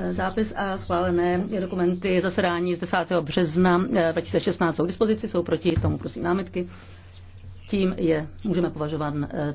Eh, zápis a schválené dokumenty zasedání z 10. března 2016 eh, jsou k dispozici, jsou proti tomu prosím námitky. Tím je můžeme považovat eh, ten